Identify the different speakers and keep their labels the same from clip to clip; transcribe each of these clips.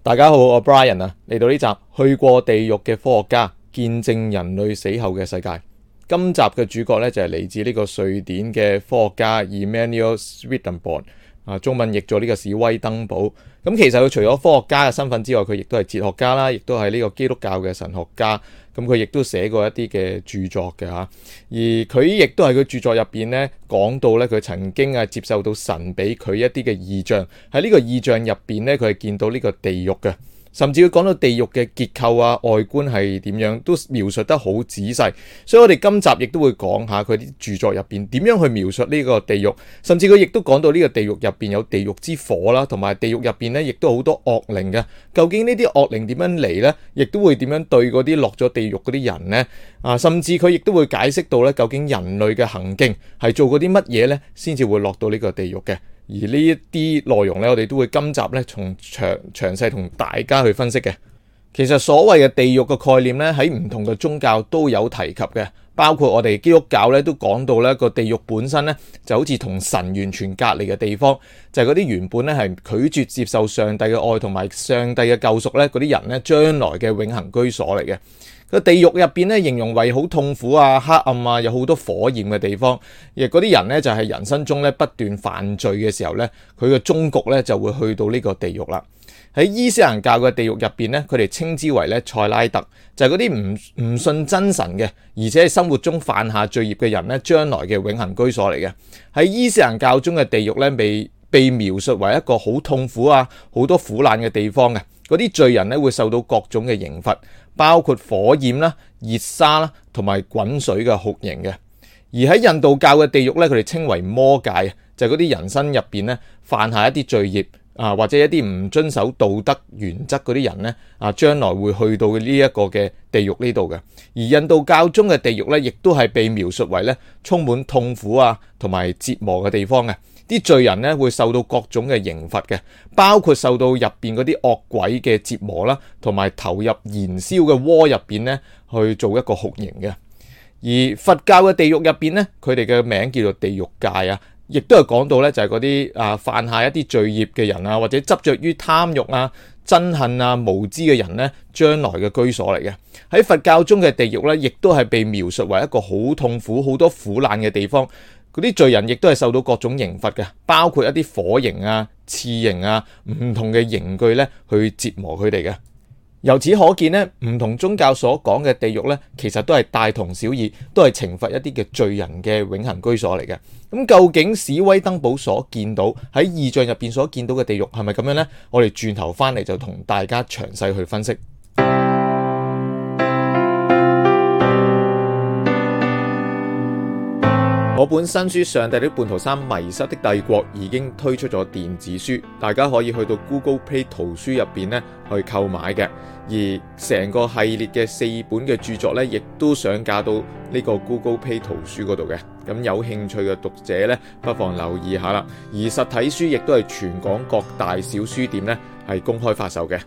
Speaker 1: 大家好，我係 Brian 啊，嚟到呢集去過地獄嘅科學家見證人類死後嘅世界。今集嘅主角呢，就係嚟自呢個瑞典嘅科學家 Emanuel Swedenborg，中文譯做呢個史威登堡。咁其實佢除咗科學家嘅身份之外，佢亦都係哲學家啦，亦都係呢個基督教嘅神學家。咁佢亦都寫過一啲嘅著作嘅嚇，而佢亦都喺佢著作入邊咧講到咧，佢曾經係接受到神俾佢一啲嘅異象，喺呢個異象入邊咧，佢係見到呢個地獄嘅。甚至佢講到地獄嘅結構啊、外觀係點樣，都描述得好仔細。所以我哋今集亦都會講下佢啲著作入邊點樣去描述呢個地獄。甚至佢亦都講到呢個地獄入邊有地獄之火啦，同埋地獄入邊咧亦都好多惡靈嘅。究竟呢啲惡靈點樣嚟呢？亦都會點樣對嗰啲落咗地獄嗰啲人呢？啊，甚至佢亦都會解釋到咧，究竟人類嘅行徑係做過啲乜嘢呢？先至會落到呢個地獄嘅。而呢一啲內容呢，我哋都會今集呢從詳，詳細同大家去分析嘅。其實所謂嘅地獄嘅概念呢，喺唔同嘅宗教都有提及嘅，包括我哋基督教呢都講到呢個地獄本身呢，就好似同神完全隔離嘅地方，就係嗰啲原本呢係拒絕接受上帝嘅愛同埋上帝嘅救贖呢嗰啲人呢將來嘅永恆居所嚟嘅。個地獄入邊咧，形容為好痛苦啊、黑暗啊，有好多火焰嘅地方。而嗰啲人呢，就係人生中咧不斷犯罪嘅時候呢，佢嘅終局呢，就會去到呢個地獄啦。喺伊斯蘭教嘅地獄入邊呢，佢哋稱之為咧塞拉特，就係嗰啲唔唔信真神嘅，而且係生活中犯下罪孽嘅人呢將來嘅永恆居所嚟嘅。喺伊斯蘭教中嘅地獄呢，未被描述為一個好痛苦啊、好多苦難嘅地方嘅嗰啲罪人呢，會受到各種嘅刑罰。包括火焰啦、熱沙啦，同埋滾水嘅酷刑嘅。而喺印度教嘅地獄咧，佢哋稱為魔界，就係嗰啲人生入邊咧犯下一啲罪孽。啊，或者一啲唔遵守道德原則嗰啲人呢，啊，將來會去到呢一個嘅地獄呢度嘅。而印度教中嘅地獄呢，亦都係被描述為呢充滿痛苦啊同埋折磨嘅地方嘅。啲罪人呢，會受到各種嘅刑罰嘅，包括受到入邊嗰啲惡鬼嘅折磨啦，同埋投入燃燒嘅窩入邊呢去做一個酷刑嘅。而佛教嘅地獄入邊呢，佢哋嘅名叫做地獄界啊。亦都係講到咧，就係嗰啲啊犯下一啲罪業嘅人啊，或者執着於貪欲啊、憎恨啊、無知嘅人咧，將來嘅居所嚟嘅。喺佛教中嘅地獄咧，亦都係被描述為一個好痛苦、好多苦難嘅地方。嗰啲罪人亦都係受到各種刑罰嘅，包括一啲火刑啊、刺刑啊、唔同嘅刑具咧，去折磨佢哋嘅。由此可見咧，唔同宗教所講嘅地獄咧，其實都係大同小異，都係懲罰一啲嘅罪人嘅永恆居所嚟嘅。咁究竟史威登堡所見到喺異象入邊所見到嘅地獄係咪咁樣呢？我哋轉頭翻嚟就同大家詳細去分析。我本《新書上帝的叛徒三迷失的帝國》已經推出咗電子書，大家可以去到 Google Play 圖書入邊呢去購買嘅。而成個系列嘅四本嘅著作呢，亦都上架到呢個 Google Play 圖書嗰度嘅。咁有興趣嘅讀者呢，不妨留意下啦。而實體書亦都係全港各大小書店呢係公開發售嘅。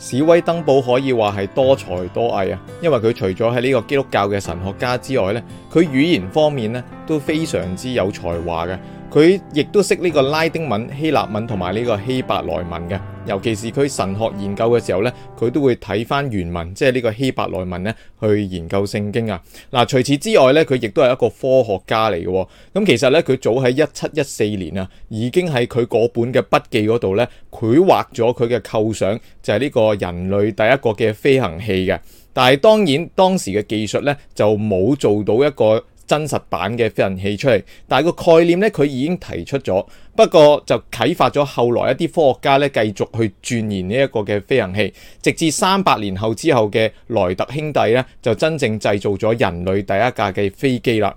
Speaker 1: 史威登堡可以話係多才多藝啊，因為佢除咗係呢個基督教嘅神學家之外咧，佢語言方面咧都非常之有才華嘅。佢亦都識呢個拉丁文、希臘文同埋呢個希伯來文嘅，尤其是佢神學研究嘅時候呢，佢都會睇返原文，即係呢個希伯來文呢去研究聖經啊。嗱，除此之外呢，佢亦都係一個科學家嚟嘅。咁，啊，其實呢，佢早喺一七一四年啊，已經喺佢嗰本嘅筆記嗰度呢繪畫咗佢嘅構想，就係、是、呢個人類第一個嘅飛行器嘅。但係當然當時嘅技術呢就冇做到一個。真實版嘅飛行器出嚟，但係個概念咧，佢已經提出咗。不過就啟發咗後來一啲科學家咧，繼續去鑽研呢一個嘅飛行器，直至三百年後之後嘅萊特兄弟咧，就真正製造咗人類第一架嘅飛機啦。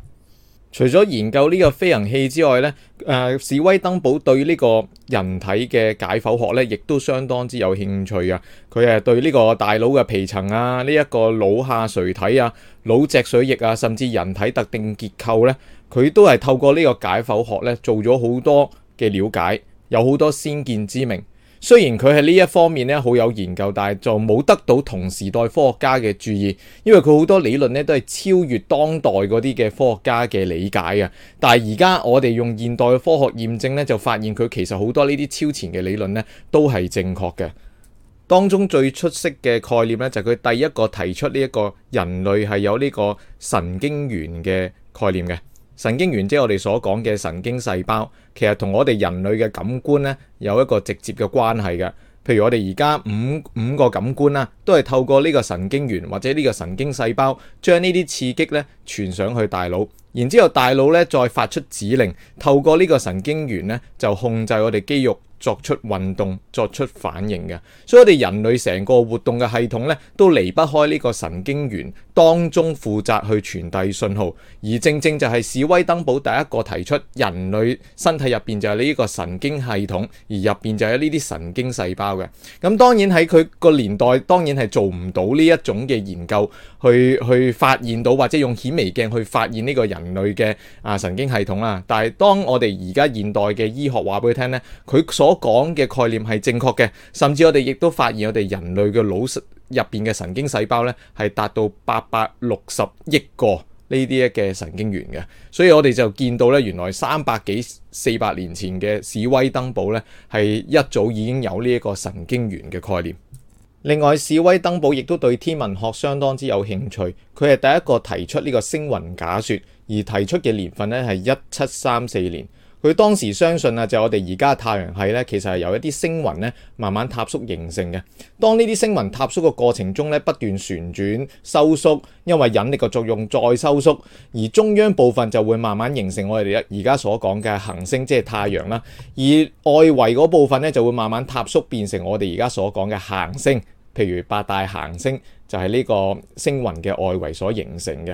Speaker 1: 除咗研究呢個飛行器之外咧，誒、呃，史威登堡對呢個人體嘅解剖學咧，亦都相當之有興趣啊！佢係對呢個大腦嘅皮層啊，呢一個腦下垂體啊，腦脊髓液啊，甚至人體特定結構咧，佢都係透過呢個解剖學咧，做咗好多嘅了解，有好多先見之明。雖然佢喺呢一方面咧，好有研究，但係就冇得到同時代科學家嘅注意，因為佢好多理論咧都係超越當代嗰啲嘅科學家嘅理解啊。但係而家我哋用現代嘅科學驗證咧，就發現佢其實好多呢啲超前嘅理論咧都係正確嘅。當中最出色嘅概念咧，就係佢第一個提出呢一個人類係有呢個神經元嘅概念嘅。神經元即係我哋所講嘅神經細胞，其實同我哋人類嘅感官呢有一個直接嘅關係嘅。譬如我哋而家五五個感官啦，都係透過呢個神經元或者呢個神經細胞將呢啲刺激呢傳上去大腦，然之後大腦呢再發出指令，透過呢個神經元呢就控制我哋肌肉作出運動、作出反應嘅。所以我哋人類成個活動嘅系統呢，都離不開呢個神經元。當中負責去傳遞信號，而正正就係史威登堡第一個提出人類身體入邊就係呢個神經系統，而入邊就有呢啲神經細胞嘅。咁當然喺佢個年代，當然係做唔到呢一種嘅研究去，去去發現到或者用顯微鏡去發現呢個人類嘅啊神經系統啦。但係當我哋而家現代嘅醫學話俾佢聽呢，佢所講嘅概念係正確嘅，甚至我哋亦都發現我哋人類嘅腦。入邊嘅神經細胞咧，係達到八百六十億個呢啲一嘅神經元嘅，所以我哋就見到咧，原來三百幾四百年前嘅史威登堡咧，係一早已經有呢一個神經元嘅概念。另外，史威登堡亦都對天文學相當之有興趣，佢係第一個提出呢個星雲假説而提出嘅年份咧，係一七三四年。佢當時相信啊，就係我哋而家嘅太陽系咧，其實係由一啲星雲咧慢慢塌縮形成嘅。當呢啲星雲塌縮嘅過程中咧，不斷旋轉收縮，因為引力嘅作用再收縮，而中央部分就會慢慢形成我哋而家所講嘅恆星，即係太陽啦。而外圍嗰部分咧就會慢慢塌縮變成我哋而家所講嘅行星，譬如八大行星就係呢個星雲嘅外圍所形成嘅。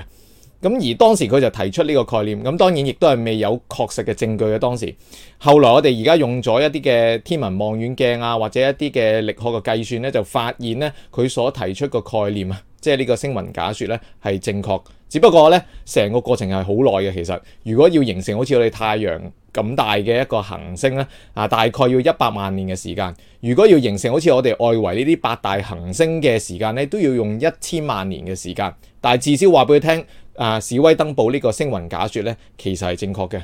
Speaker 1: 咁而當時佢就提出呢個概念，咁當然亦都係未有確實嘅證據嘅當時。後來我哋而家用咗一啲嘅天文望遠鏡啊，或者一啲嘅力學嘅計算咧，就發現咧佢所提出個概念啊，即係呢個星雲假說咧係正確。只不過咧，成個過程係好耐嘅其實。如果要形成好似我哋太陽咁大嘅一個行星咧，啊大概要一百萬年嘅時間；如果要形成好似我哋外圍呢啲八大行星嘅時間咧，都要用一千萬年嘅時間。但係至少話俾佢聽。啊！史威登堡呢個星雲假説呢，其實係正確嘅。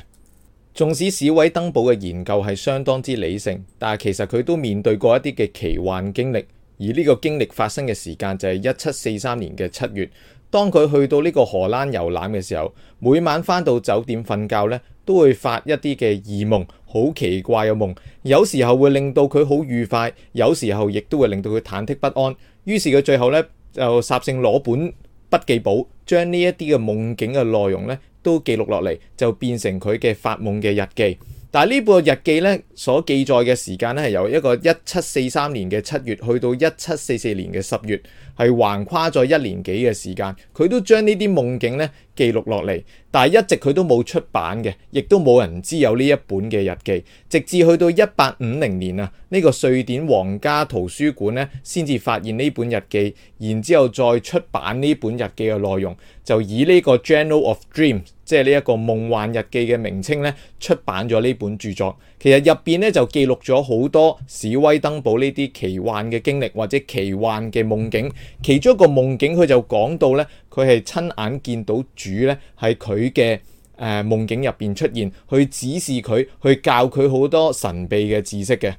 Speaker 1: 縱使史威登堡嘅研究係相當之理性，但係其實佢都面對過一啲嘅奇幻經歷。而呢個經歷發生嘅時間就係一七四三年嘅七月。當佢去到呢個荷蘭遊覽嘅時候，每晚翻到酒店瞓覺呢，都會發一啲嘅異夢，好奇怪嘅夢。有時候會令到佢好愉快，有時候亦都會令到佢忐忑不安。於是佢最後呢，就索性攞本筆記簿。將呢一啲嘅夢境嘅內容呢都記錄落嚟，就變成佢嘅發夢嘅日記。但係呢部日記呢所記載嘅時間呢，係由一個一七四三年嘅七月去到一七四四年嘅十月，係橫跨咗一年幾嘅時間。佢都將呢啲夢境呢。記錄落嚟，但係一直佢都冇出版嘅，亦都冇人知有呢一本嘅日記，直至去到一八五零年啊，呢個瑞典皇家圖書館咧，先至發現呢本日記，然之後再出版呢本日記嘅內容，就以呢個 Journal of Dreams，即係呢一個夢幻日記嘅名稱咧，出版咗呢本著作。其實入邊咧就記錄咗好多史威登堡呢啲奇幻嘅經歷或者奇幻嘅夢境，其中一個夢境佢就講到咧。佢係親眼見到主咧喺佢嘅誒夢境入邊出現，去指示佢，去教佢好多神秘嘅知識嘅。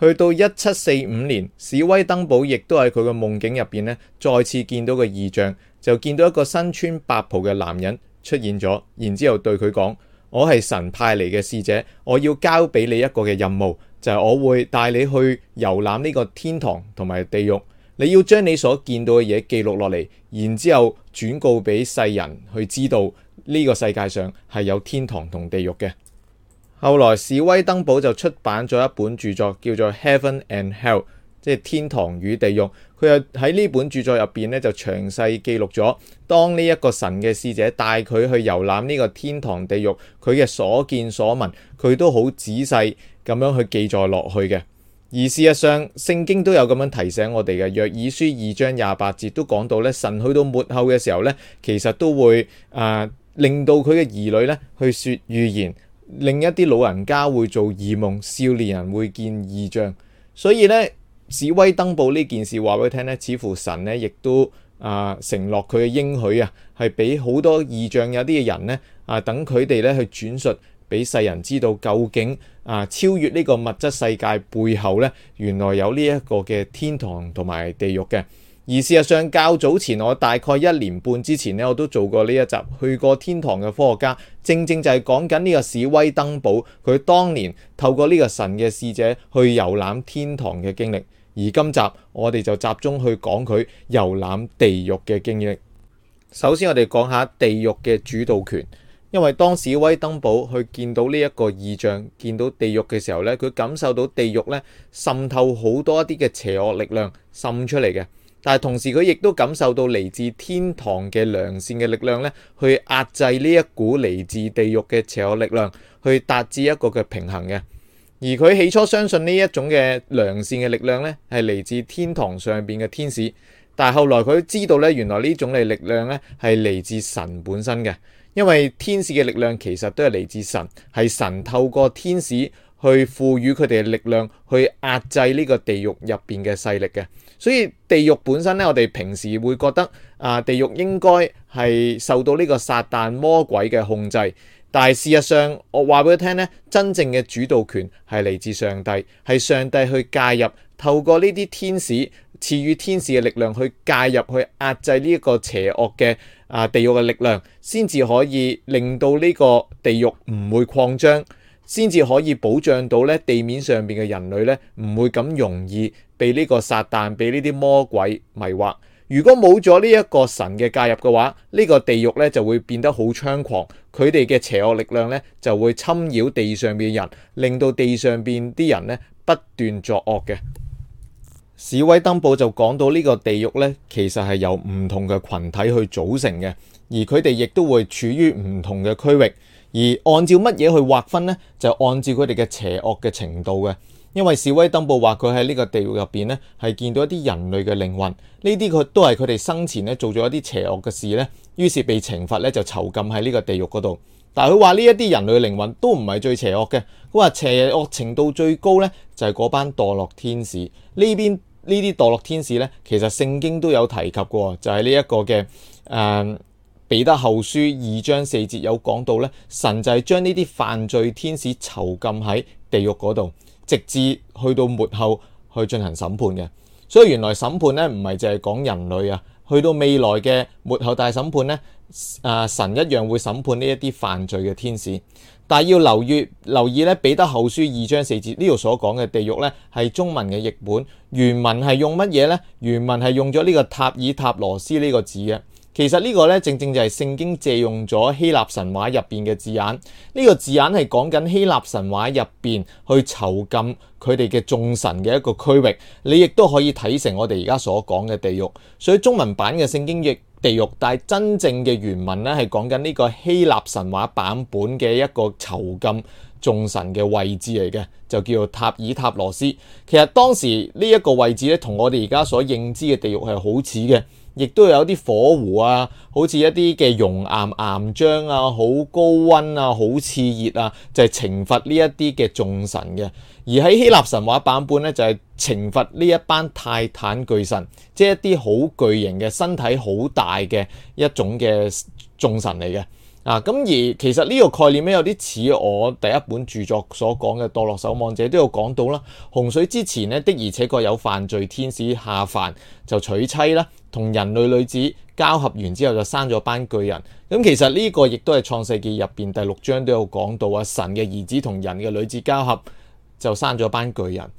Speaker 1: 去到一七四五年，史威登堡亦都喺佢嘅夢境入邊咧，再次見到個異象，就見到一個身穿白袍嘅男人出現咗，然之後對佢講：我係神派嚟嘅使者，我要交俾你一個嘅任務，就係我會帶你去遊覽呢個天堂同埋地獄。你要將你所見到嘅嘢記錄落嚟，然之後轉告俾世人去知道呢個世界上係有天堂同地獄嘅。後來史威登堡就出版咗一本著作，叫做《Heaven and Hell》，即係天堂與地獄。佢又喺呢本著作入邊咧，就詳細記錄咗當呢一個神嘅使者帶佢去遊覽呢個天堂、地獄，佢嘅所見所聞，佢都好仔細咁樣去記載落去嘅。而事實上，聖經都有咁樣提醒我哋嘅，《約珥書》二章廿八節都講到咧，神去到末後嘅時候咧，其實都會啊、呃、令到佢嘅兒女咧去説預言，另一啲老人家會做異夢，少年人會見異象。所以咧，史威登堡呢件事話俾佢聽咧，似乎神咧亦都啊、呃、承諾佢嘅應許啊，係俾好多異象有啲嘅人咧啊等佢哋咧去轉述。俾世人知道究竟啊，超越呢個物質世界背後呢，原來有呢一個嘅天堂同埋地獄嘅。而事實上較早前我大概一年半之前呢，我都做過呢一集，去過天堂嘅科學家，正正就係講緊呢個史威登堡佢當年透過呢個神嘅使者去遊覽天堂嘅經歷。而今集我哋就集中去講佢遊覽地獄嘅經歷。首先我哋講下地獄嘅主導權。因為當史威登堡去見到呢一個異象，見到地獄嘅時候，呢佢感受到地獄呢滲透好多一啲嘅邪惡力量滲出嚟嘅，但係同時佢亦都感受到嚟自天堂嘅良善嘅力量，呢去壓制呢一股嚟自地獄嘅邪惡力量，去達至一個嘅平衡嘅。而佢起初相信呢一種嘅良善嘅力量，呢係嚟自天堂上邊嘅天使。但係後來佢知道咧，原來呢種嘅力量咧係嚟自神本身嘅，因為天使嘅力量其實都係嚟自神，係神透過天使去賦予佢哋嘅力量去壓制呢個地獄入邊嘅勢力嘅。所以地獄本身咧，我哋平時會覺得啊，地獄應該係受到呢個撒旦魔鬼嘅控制，但係事實上我話俾你聽咧，真正嘅主導權係嚟自上帝，係上帝去介入，透過呢啲天使。賜予天使嘅力量去介入，去壓制呢一個邪惡嘅啊地獄嘅力量，先至可以令到呢個地獄唔會擴張，先至可以保障到咧地面上邊嘅人類咧唔會咁容易被呢個撒旦、被呢啲魔鬼迷惑。如果冇咗呢一個神嘅介入嘅話，呢、呢個地獄咧就會變得好猖狂，佢哋嘅邪惡力量咧就會侵擾地上邊嘅人，令到地上邊啲人咧不斷作惡嘅。《史威登堡就講到呢個地獄呢，其實係由唔同嘅群體去組成嘅，而佢哋亦都會處於唔同嘅區域，而按照乜嘢去劃分呢？就按照佢哋嘅邪惡嘅程度嘅。因為《史威登堡話佢喺呢個地獄入邊呢，係見到一啲人類嘅靈魂，呢啲佢都係佢哋生前咧做咗一啲邪惡嘅事呢，於是被懲罰咧就囚禁喺呢個地獄嗰度。但係佢話呢一啲人類嘅靈魂都唔係最邪惡嘅，佢話邪惡程度最高呢，就係嗰班墮落天使呢邊。呢啲墮落天使呢，其實聖經都有提及過，就係呢一個嘅誒、啊、彼得後書二章四節有講到呢，神就係將呢啲犯罪天使囚禁喺地獄嗰度，直至去到末後去進行審判嘅。所以原來審判呢，唔係淨係講人類啊，去到未來嘅末後大審判呢，啊神一樣會審判呢一啲犯罪嘅天使。但要留意留意咧，彼得後書二章四節呢度所講嘅地獄咧，係中文嘅譯本，原文係用乜嘢呢？原文係用咗呢個塔爾塔羅斯呢個字嘅。其實呢個咧，正正就係聖經借用咗希臘神話入邊嘅字眼。呢個字眼係講緊希臘神話入邊去囚禁佢哋嘅眾神嘅一個區域。你亦都可以睇成我哋而家所講嘅地獄。所以中文版嘅聖經譯地獄，但係真正嘅原文咧係講緊呢個希臘神話版本嘅一個囚禁眾神嘅位置嚟嘅，就叫做塔爾塔羅斯。其實當時呢一個位置咧，同我哋而家所認知嘅地獄係好似嘅，亦都有啲火湖啊，好似一啲嘅熔岩岩漿啊，好高溫啊，好刺熱啊，就係懲罰呢一啲嘅眾神嘅。而喺希臘神話版本咧，就係懲罰呢一班泰坦巨神，即係一啲好巨型嘅身體好大嘅一種嘅眾神嚟嘅啊。咁而其實呢個概念咧有啲似我第一本著作所講嘅《墮落守望者》，都有講到啦。洪水之前咧，的而且確有犯罪天使下凡就娶妻啦，同人類女子交合完之後就生咗班巨人。咁，啊，其實呢個亦都係創世記入邊第六章都有講到啊。神嘅兒子同人嘅女子交合。就生咗班巨人，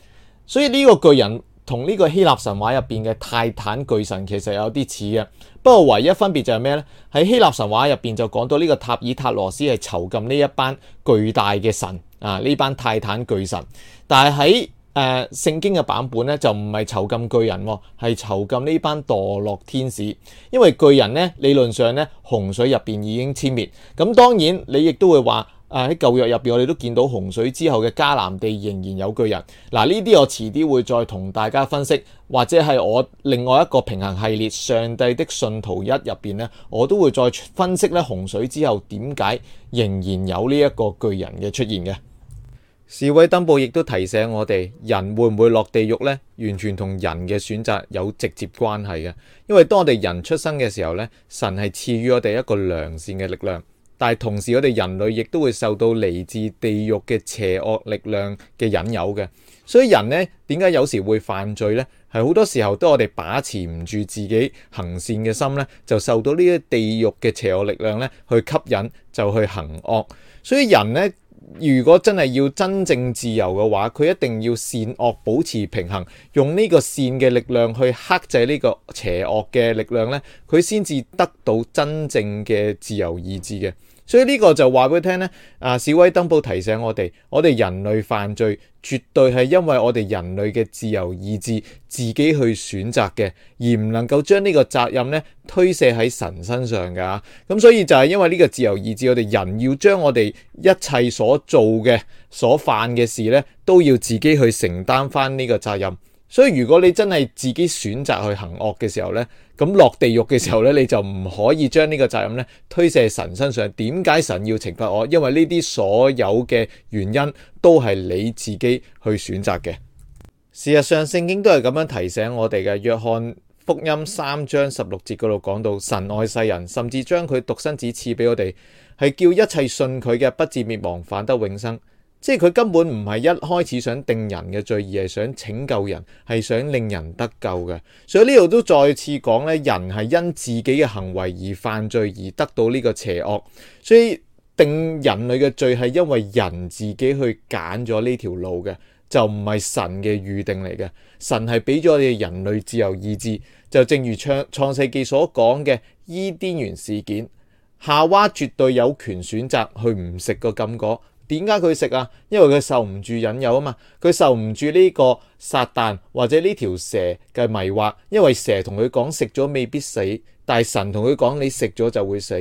Speaker 1: 所以呢個巨人同呢個希臘神話入邊嘅泰坦巨神其實有啲似嘅，不過唯一分別就係咩咧？喺希臘神話入邊就講到呢個塔爾塔羅斯係囚禁呢一班巨大嘅神啊，呢班泰坦巨神。但係喺誒聖經嘅版本咧就唔係囚禁巨人，係囚禁呢班墮落天使。因為巨人咧理論上咧洪水入邊已經殲滅，咁當然你亦都會話。喺啊、喺舊約入邊，我哋都見到洪水之後嘅迦南地仍然有巨人。嗱，呢啲我遲啲會再同大家分析，或者係我另外一個平衡系列《上帝的信徒一》入邊呢，我都會再分析咧洪水之後點解仍然有呢一個巨人嘅出現嘅。史威登堡亦都提醒我哋，人會唔會落地獄呢？完全同人嘅選擇有直接關係嘅，因為當我哋人出生嘅時候呢，神係賜予我哋一個良善嘅力量。但係同時，我哋人類亦都會受到嚟自地獄嘅邪惡力量嘅引誘嘅，所以人呢點解有時會犯罪呢？係好多時候都我哋把持唔住自己行善嘅心呢，就受到呢啲地獄嘅邪惡力量呢去吸引，就去行惡。所以人呢。如果真係要真正自由嘅話，佢一定要善惡保持平衡，用呢個善嘅力量去克制呢個邪惡嘅力量，呢佢先至得到真正嘅自由意志嘅。所以呢個就話俾你聽咧，啊，史威登堡提醒我哋，我哋人類犯罪絕對係因為我哋人類嘅自由意志自己去選擇嘅，而唔能夠將呢個責任咧推卸喺神身上噶咁所以就係因為呢個自由意志，我哋人要將我哋一切所做嘅、所犯嘅事咧，都要自己去承擔翻呢個責任。所以如果你真係自己選擇去行惡嘅時候呢，咁落地獄嘅時候呢，你就唔可以將呢個責任呢推卸神身上。點解神要懲罰我？因為呢啲所有嘅原因都係你自己去選擇嘅。事實上，聖經都係咁樣提醒我哋嘅。約翰福音三章十六節嗰度講到，神愛世人，甚至將佢獨生子賜俾我哋，係叫一切信佢嘅不至滅亡，反得永生。即係佢根本唔係一開始想定人嘅罪，而係想拯救人，係想令人得救嘅。所以呢度都再次講咧，人係因自己嘅行為而犯罪而得到呢個邪惡，所以定人類嘅罪係因為人自己去揀咗呢條路嘅，就唔係神嘅預定嚟嘅。神係俾咗你人類自由意志，就正如創創世記所講嘅伊甸園事件，夏娃絕對有權選擇去唔食個禁果。點解佢食啊？因為佢受唔住引誘啊嘛，佢受唔住呢個撒旦，或者呢條蛇嘅迷惑，因為蛇同佢講食咗未必死，但係神同佢講你食咗就會死。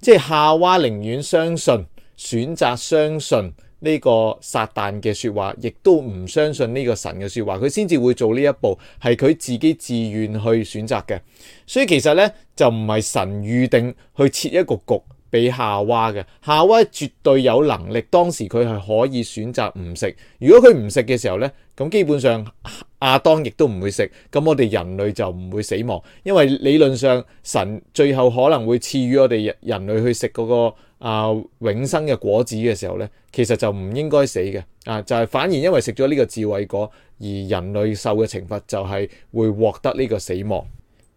Speaker 1: 即係夏娃寧願相信選擇相信呢個撒旦嘅說話，亦都唔相信呢個神嘅說話，佢先至會做呢一步，係佢自己自願去選擇嘅。所以其實呢，就唔係神預定去設一個局。俾夏娃嘅夏娃絕對有能力，當時佢係可以選擇唔食。如果佢唔食嘅時候咧，咁基本上亞當亦都唔會食。咁我哋人類就唔會死亡，因為理論上神最後可能會賜予我哋人類去食嗰個啊永生嘅果子嘅時候咧，其實就唔應該死嘅啊！就係反而因為食咗呢個智慧果，而人類受嘅懲罰就係會獲得呢個死亡。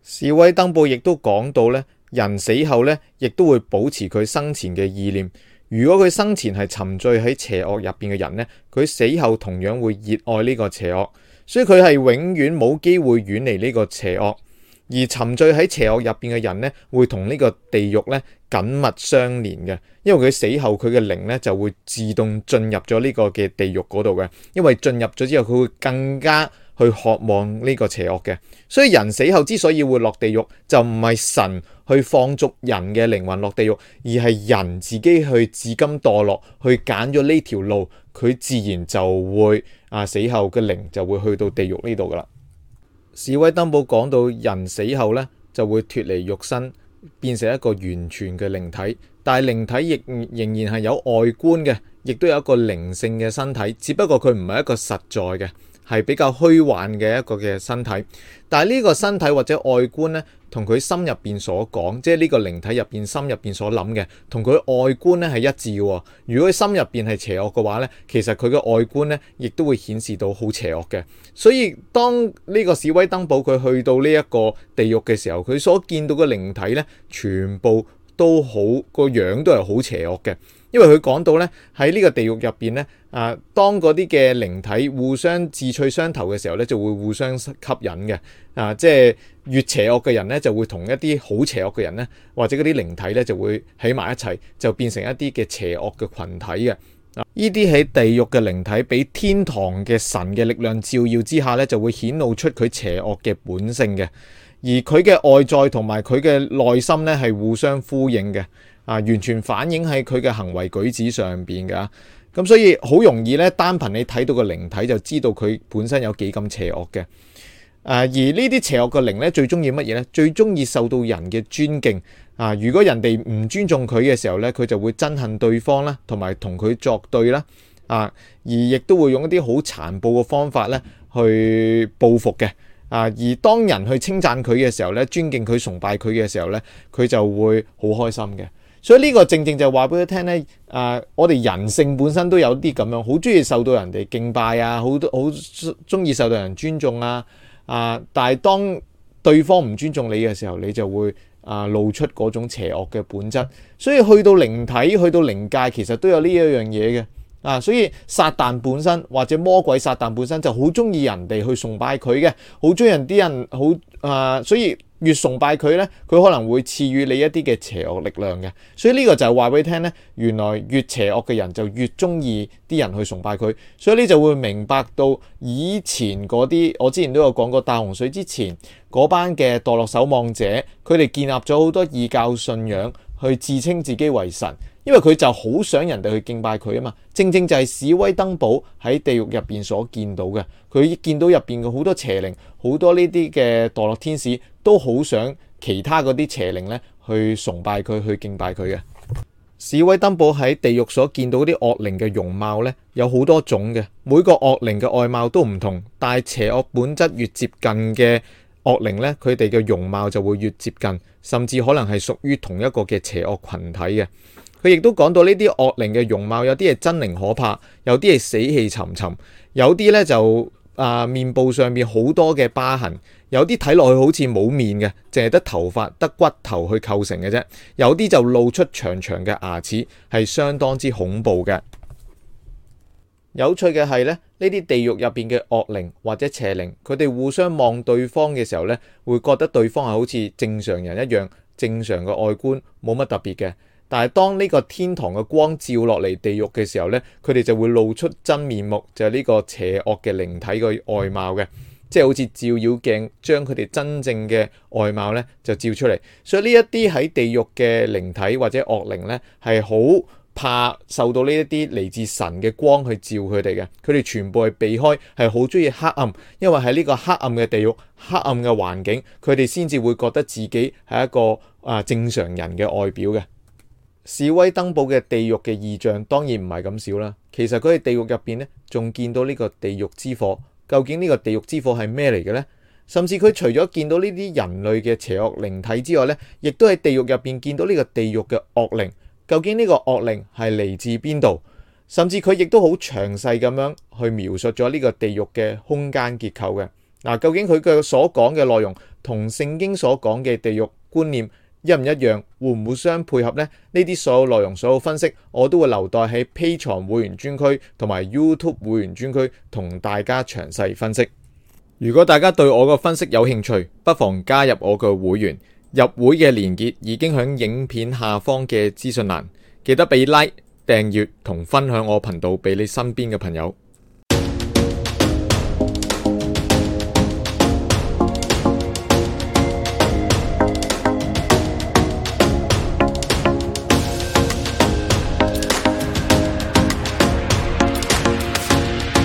Speaker 1: 史威登堡亦都講到咧。人死後咧，亦都會保持佢生前嘅意念。如果佢生前係沉醉喺邪惡入邊嘅人咧，佢死後同樣會熱愛呢個邪惡，所以佢係永遠冇機會遠離呢個邪惡。而沉醉喺邪惡入邊嘅人咧，會同呢個地獄咧緊密相連嘅，因為佢死後佢嘅靈咧就會自動進入咗呢個嘅地獄嗰度嘅。因為進入咗之後，佢會更加去渴望呢個邪惡嘅。所以人死後之所以會落地獄，就唔係神去放逐人嘅靈魂落地獄，而係人自己去自甘墮落，去揀咗呢條路，佢自然就會啊死後嘅靈就會去到地獄呢度㗎喇。史威登堡講到人死後呢，就會脫離肉身，變成一個完全嘅靈體，但係靈體亦仍然係有外觀嘅，亦都有一個靈性嘅身體，只不過佢唔係一個實在嘅。係比較虛幻嘅一個嘅身體，但係呢個身體或者外觀呢，同佢心入邊所講，即係呢個靈體入邊心入邊所諗嘅，同佢外、哦、外觀呢係一致喎。如果佢心入邊係邪惡嘅話呢，其實佢嘅外觀呢亦都會顯示到好邪惡嘅。所以當呢個史威登堡佢去到呢一個地獄嘅時候，佢所見到嘅靈體呢，全部。都好，個樣都係好邪惡嘅，因為佢講到呢，喺呢個地獄入邊呢，啊，當嗰啲嘅靈體互相志趣相投嘅時候呢，就會互相吸引嘅，啊，即係越邪惡嘅人呢，就會同一啲好邪惡嘅人呢，或者嗰啲靈體呢，就會喺埋一齊，就變成一啲嘅邪惡嘅群體嘅，呢啲喺地獄嘅靈體，俾天堂嘅神嘅力量照耀之下呢，就會顯露出佢邪惡嘅本性嘅。而佢嘅外在同埋佢嘅內心呢，係互相呼應嘅，啊，完全反映喺佢嘅行為舉止上邊嘅，咁，啊，所以好容易呢，單憑你睇到個靈體就知道佢本身有幾咁邪惡嘅，啊，而呢啲邪惡嘅靈呢，最中意乜嘢呢？最中意受到人嘅尊敬，啊，如果人哋唔尊重佢嘅時候呢，佢就會憎恨對方啦，同埋同佢作對啦，啊，而亦都會用一啲好殘暴嘅方法呢，去報復嘅。啊！而當人去稱讚佢嘅時候咧，尊敬佢、崇拜佢嘅時候咧，佢就會好開心嘅。所以呢個正正就話俾佢聽咧，啊、呃，我哋人性本身都有啲咁樣，好中意受到人哋敬拜啊，好好中意受到人尊重啊。啊、呃！但係當對方唔尊重你嘅時候，你就會啊露出嗰種邪惡嘅本質。所以去到靈體、去到靈界，其實都有呢一樣嘢嘅。啊，所以撒旦本身或者魔鬼撒旦本身就好中意人哋去崇拜佢嘅，好中意啲人好啊、呃，所以越崇拜佢咧，佢可能會賜予你一啲嘅邪惡力量嘅。所以呢個就係話俾你聽咧，原來越邪惡嘅人就越中意啲人去崇拜佢，所以你就會明白到以前嗰啲，我之前都有講過大洪水之前嗰班嘅墮落守望者，佢哋建立咗好多異教信仰，去自稱自己為神。因為佢就好想人哋去敬拜佢啊嘛，正正就係史威登堡喺地獄入邊所見到嘅。佢見到入邊嘅好多邪靈，好多呢啲嘅墮落天使都好想其他嗰啲邪靈呢去崇拜佢，去敬拜佢嘅。史威登堡喺地獄所見到啲惡靈嘅容貌呢，有好多種嘅，每個惡靈嘅外貌都唔同。但係邪惡本質越接近嘅惡靈呢，佢哋嘅容貌就會越接近，甚至可能係屬於同一個嘅邪惡群體嘅。佢亦都講到呢啲惡靈嘅容貌，有啲係猙獰可怕，有啲係死氣沉沉，有啲呢就啊、呃、面部上面好多嘅疤痕，有啲睇落去好似冇面嘅，淨係得頭髮、得骨頭去構成嘅啫，有啲就露出長長嘅牙齒，係相當之恐怖嘅。有趣嘅係呢，呢啲地獄入邊嘅惡靈或者邪靈，佢哋互相望對方嘅時候呢，會覺得對方係好似正常人一樣，正常嘅外觀冇乜特別嘅。但係，當呢個天堂嘅光照落嚟，地獄嘅時候呢，佢哋就會露出真面目，就係呢個邪惡嘅靈體嘅外貌嘅，即係好似照妖鏡，將佢哋真正嘅外貌呢就照出嚟。所以呢一啲喺地獄嘅靈體或者惡靈呢，係好怕受到呢一啲嚟自神嘅光去照佢哋嘅。佢哋全部係避開，係好中意黑暗，因為喺呢個黑暗嘅地獄、黑暗嘅環境，佢哋先至會覺得自己係一個啊、呃、正常人嘅外表嘅。示威登堡嘅地獄嘅異象當然唔係咁少啦，其實佢喺地獄入邊咧，仲見到呢個地獄之火。究竟呢個地獄之火係咩嚟嘅呢？甚至佢除咗見到呢啲人類嘅邪惡靈體之外咧，亦都喺地獄入邊見到呢個地獄嘅惡靈。究竟呢個惡靈係嚟自邊度？甚至佢亦都好詳細咁樣去描述咗呢個地獄嘅空間結構嘅。嗱，究竟佢嘅所講嘅內容同聖經所講嘅地獄觀念？一唔一樣，會唔會相配合呢？呢啲所有內容、所有分析，我都會留待喺 Patreon 會員專區同埋 YouTube 會員專區同大家詳細分析。如果大家對我個分析有興趣，不妨加入我個會員。入會嘅連結已經響影片下方嘅資訊欄，記得俾 like、訂閱同分享我頻道俾你身邊嘅朋友。